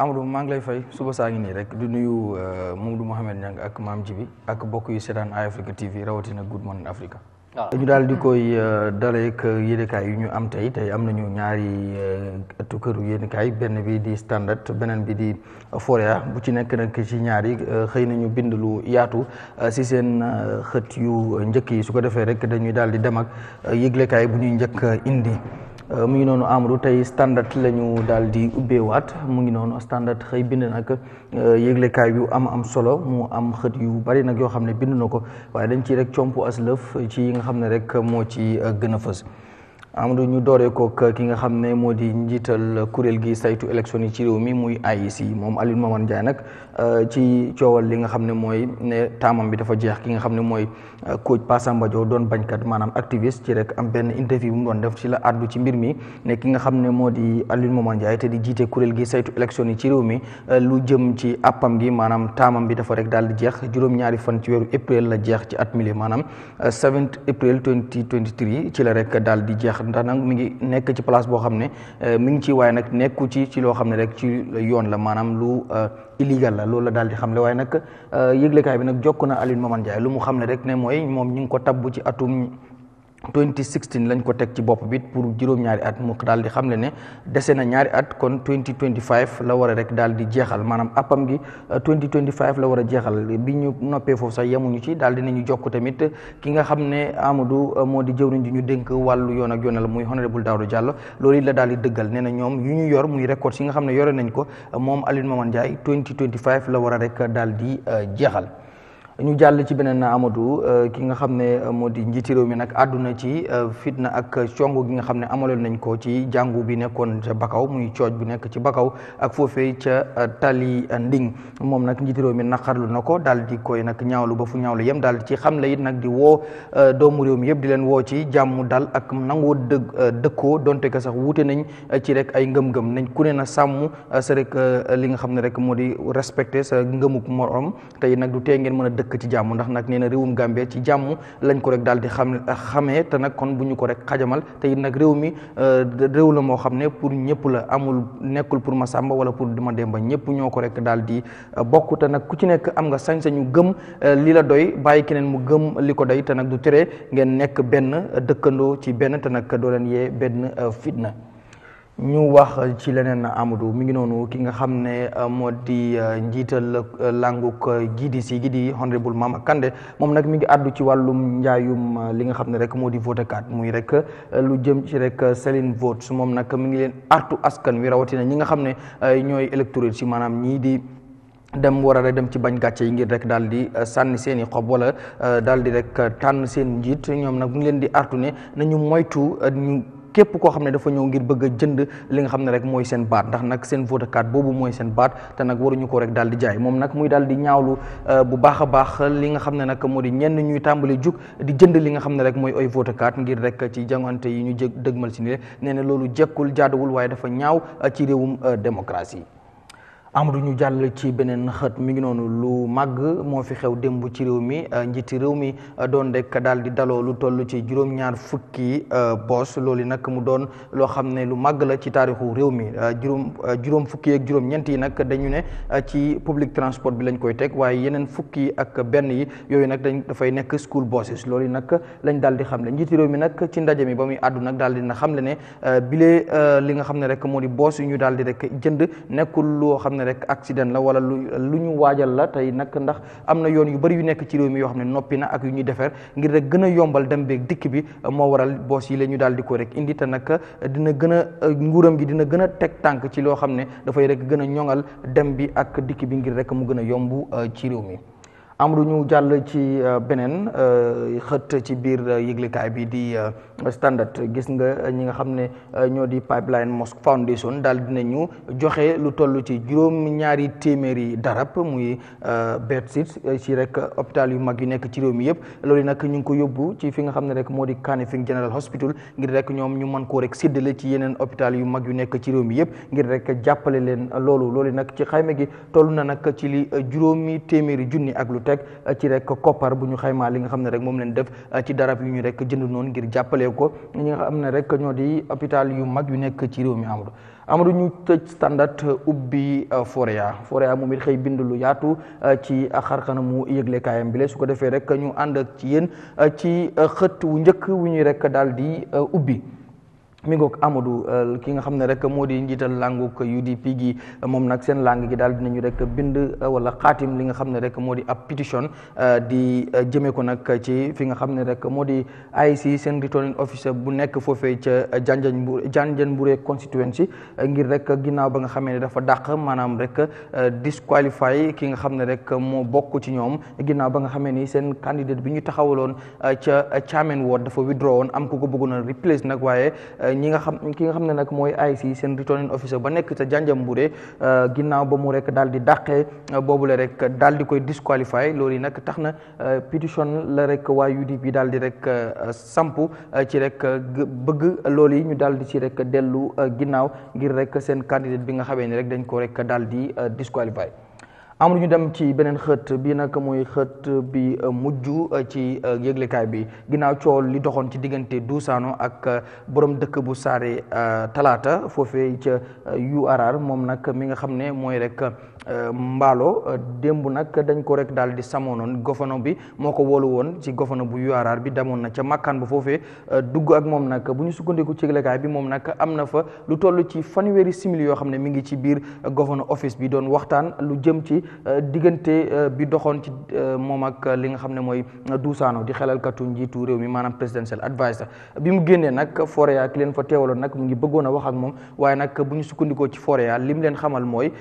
Amadou maa lay fay suba saa ngi nii rek du nuyu euh, Mamadou Mouhamed Niang ak maam Jibi ak bokk yu seetaan Eye Africa TV rawatina Good Morning Africa. Ah. ñu daal di koy euh, daleek yéenekaay yu ñu am tey tey am nañu ñaari euh, ëttu këru yéenekaay benn bi di standard beneen bi di Foroyaa bu ci nekk nag ci ñaari xëy nañu bind lu yaatu si seen xët yu njëkk yi su ko defee rek dañuy daal di dem ak yëglekaay bu ñuy njëkk indi. Euh, mu ngi noonu Amadou tey standard la ñu daal di ubbeewaat mu ngi noonu standard xëy bind nag euh, yëglekaay yu am am solo mu am xët yu bari nag yoo xam ne bind na ko waaye dañ ci rek comp aslëf ci yi nga xam ne rek moo ci euh, gën a fës. Amadou ñu dooree kook ki nga xam ne moo di njiital kuréel gi saytu élection ci réew mi muy AIC moom Aliou Momar Ndiaye nag euh, ci coowal li nga xam ne mooy ne taamam bi dafa jeex ki nga xam ne mooy euh, coach Pa doon bañkat maanaam activiste ci rek am benn interview bu mu doon def ci la addu ci mbir mi ne ki nga xam ne moo di Aliou Momar Ndiaye te di jiite kuréel gi saytu élection ci réew mi euh, lu jëm ci appam gi maanaam taamam bi dafa rek daal di jeex juróom-ñaari fan ci weeru avril la jeex ci at mili maanaam 7 avril 2023 ci la rek daal di jeex xam ndax nag mi ngi nekk ci place boo xam ne euh, mi ngi ci waaye nag nekku ci ci loo xam ne rek ci yoon la maanaam lu euh, illégal la loolu la daal di xam le waaye nag euh, yëglekaay bi nag jokk na Aliou Momane Ndiaye lu mu xam ne rek ne mooy moom ñu ngi ko tabbu ci atum 2016 lañ ko teg ci bopp bi pour juróom-ñaari at mu daal di xam le ne dese na ñaari at kon 2025 la war a rek daal di jeexal maanaam appam gi 2025 euh, la war a jeexal bi ñu noppee foofu sax yemuñu ci daal dinañu jokk tamit ki nga xam ne Amadou euh, moo di jëwriñ ji ñu dénk wàllu yoon ak yoonal muy honorable Daouda Diallo loolu it la daal di dëggal nee na ñoom yu ñu yor muy record yi nga xam ne yore nañ ko moom Aline Maman Ndiaye 2025 la war a rek daal di euh, jeexal ñu jàll ci beneen Amadou euh, ki nga xam ne euh, moo di njiiti réew mi nag àdduna ci euh, fitna ak congo gi nga xam ne amaloon nañ ko ci jàngu bi nekkoon ca Bakaw muy cooj bi nekk ci Bakaw ak foofee ca Tali Nding moom nag njiiti réew mi naqarlu na ko daal di koy nag ñaawlu ba ñaawlu yem daal ci xam la it nag di woo doomu réew mi yëpp di leen woo ci jàmm dal ak nangoo dëgg dëkkoo donte que sax wuute nañ ci rek ay ngëm-ngëm nañ ku ne na sàmm sa rek li nga xam ne rek moo di respecté sa ngëmuk morom tey nag du tee ngeen mën a dëkk ci jàmm ndax nag nee na réewum Gambie ci jàmm lañ ko rek daal di xam xamee te nag kon bu ñu ko rek xajamal tey nag réew mi euh, réew la moo xam ne pour ñëpp la amul nekkul pour ma sàmba wala pour ma dem ba ñëpp ñoo ko rek daal di euh, bokk te nag ku ci nekk am nga sañ-sañu gëm euh, li la doy bàyyi keneen mu gëm li ko doy te nag du tere ngeen nekk benn dëkkandoo ci benn te nag doo leen yee benn fitna. ñu wax ci leneen Amadou mi ngi noonu ki nga xam ne euh, moo di euh, njiital euh, languk GDC si di honorable Mama kande moom nag mi ngi àddu ci wàllum njaayum li nga xam ne rek moo di vote card muy rek lu jëm ci rek selling votes moom nag mi ngi leen artu askan wi rawatina ñi nga xam ne ñooy électorate si maanaam ñii di dem war dem ci bañ gàcce yi ngir rek daal di sànni seen i xob wala daal di rek tànn seen njiit ñoom nag mu ngi leen di artu ne nañu moytu képp koo xam ne dafa ñëw ngir bëgg jënd li nga xam ne rek mooy seen baat ndax nag seen vote card boobu mooy seen baat te nag waruñu ko rek daal di jaay moom nag muy daal di ñaawlu euh, bu baax a baax li nga xam ne nag moo di ñenn ñuy tàmbali jug di jënd li nga xam ne rek mooy ay vote card ngir rek ci jangante yi ñu jég dëgmal si ni nee na loolu jekkul jaaduwul waaye dafa ñaaw euh, ci réewum euh, démocratie Amadou ñu jàll ci beneen xët mi ngi noonu lu màgg moo fi xew démb ci réew mi euh, njiiti réew mi euh, doon rek daal di daloo lu toll ci juróom-ñaar fukki euh, poos loolu nag mu doon loo xam ne lu màgg la ci taarixu réew mi juróom juróom fukki ak juróom-ñeent yi nag dañu ne ci public transport bi lañ koy teg waaye yeneen fukki ak benn yi yooyu nag dañ dafay nekk school buses loolu nag lañ daal di xam ne njiiti réew mi nag ci ndaje mi ba muy àddu nag daal di na xam le ne bile li nga xam ne rek moo di boos yu ñu daal di rek jënd nekkul loo xam ne ne rek accident la wala lu lu ñu waajal la tey nag ndax am na yoon yu bëri yu nekk ci réew mi yoo xam ne noppi na ak yu ñuy defar ngir rek gën a yombal dem beeg dikk bi moo waral boos yi la ñu daal di ko rek indi te nag dina gën a nguuram gi dina gën a teg tànk ci loo xam ne dafay rek gën a ñoŋal dem bi ak dikk bi ngir rek mu gën a yomb ci réew mi amru ñu jàll ci euh, beneen euh, xët ci biir euh, yëglekaay bi di standard gis nga ñi nga xam ne ñoo di pipeline mosque foundation daal ñu joxe lu toll ci juróom-ñaari téeméeri darab muy bedsit ci rek hôpital yu mag yu nekk ci réew yëpp loolu nag ñu ngi ko yóbbu ci fi nga xam ne rek moo di Kanifing General Hospital ngir rek ñoom ñu mën koo rek séddale ci yeneen hôpital yu mag yu nekk ci réew mi yëpp ngir rek jàppale leen loolu loolu nag ci xayma gi toll na nag ci li juróomi téeméeri junni ak lu teg teg ci rek bu ñu xaymaa li xam ne rek moom leen def ci darab yu ñu rek jënd noonu ngir jàppale ko ñi nga rek ñoo di hôpital yu mag yu nekk ci réew mi amul. amadu ñu tëj standard ubbi euh, forea forea moom it xëy bind lu yaatu euh, ci xarxana mu yëgle kaayam bile su ko defee rek ñu ànd ak ci yéen euh, ci xët wu njëkk wu ñuy rek daal di ubbi. mi ngoog Amadou euh, ki nga xam ne rek moo di njiital languk UDP gi moom nag seen lang gi daal dinañu rek bind euh, wala xaatim li nga xam ne rek moo di ab pétition euh, di jëmee ko nag ci fi nga xam ne rek moo di IEC seen returning officer bu nekk foofee ca Janjanbureh Janjanbureh constituency ngir rek ginnaaw ba nga xamee ne dafa dàq maanaam rek disqualify ki nga xam ne rek moo bokk ci ñoom ginnaaw ba nga xamee ni seen candidate bi ñu taxawaloon ca Chairman Ward dafa withdraw woon am ku ko bëggoon replace nag waaye. ñi nga xam ki nga xam ne nag mooy si seen returning officer ba nekk ca Janjanbureh euh, ginnaaw ba mu rek daal di euh, boobu la rek daal di koy disqualifié loolu yi nag tax na euh, pétition la rek waa UDP daal di rek sampu ci rek bëgg loolu yi ñu daal di ci rek dellu ginnaaw ngir rek seen candidate bi nga xamee ni rek dañ ko rek daal di disqualifié. amul ñu dem ci beneen xët bi nag mooy xët bi mujj ci yëglekaay bi ginnaaw coow li doxoon ci diggante Duusaano ak borom dëkk bu saare euh, talaata foofee ca URR euh, moom nag mi nga xam ne mooy rek euh, mbaalo démb nag dañ ko rek daal di samoonoon gofano bi moo ko wolu woon ci gofano bu URR bi damoon na ca makkaan bu foofee dugg ak moom nag bu ñu sukkandiku ci yëglekaay bi moom nag am na fa lu toll ci fanweeri simili yoo xam ne mi ngi ci biir gofano office bi doon waxtaan lu jëm ci Euh, diggante euh, bi doxoon ci euh, moom ak li nga xam ne mooy Duusaano di xelalkatu njiitu réew mi maanaam presidential adviser bi mu génnee nag Forea ki leen fa teewaloon nag mu ngi bëggoon a wax ak moom waaye nag bu ñu sukkandikoo ci Forea li mu leen xamal mooy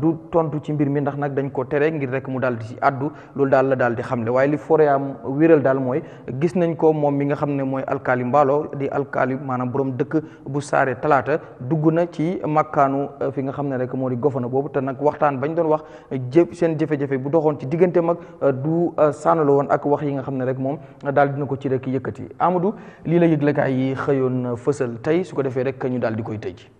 du tontu ci mbir mi ndax nag dañ ko tere ngir rek mu daal di ci addu loolu daal la daal di xamle waaye li Forea wéral daal mooy gis nañ ko moom mi nga xam ne mooy alkaali mbaalo di alkaali maanaam borom dëkk bu saare talaata dugg na ci makkaanu fi nga xam ne rek moo di gofana boobu te nag waxtaan bañ doon wax jë seen jafe-jafe bu doxoon ci diggante mag euh, du euh, sànnala woon ak wax yi nga xam ne rek moom euh, daal dina ko ci rekk yëkkati amadu lii la yëglekaay yi xëyoon fësal tey su ko defee rek ñu daal di koy tëj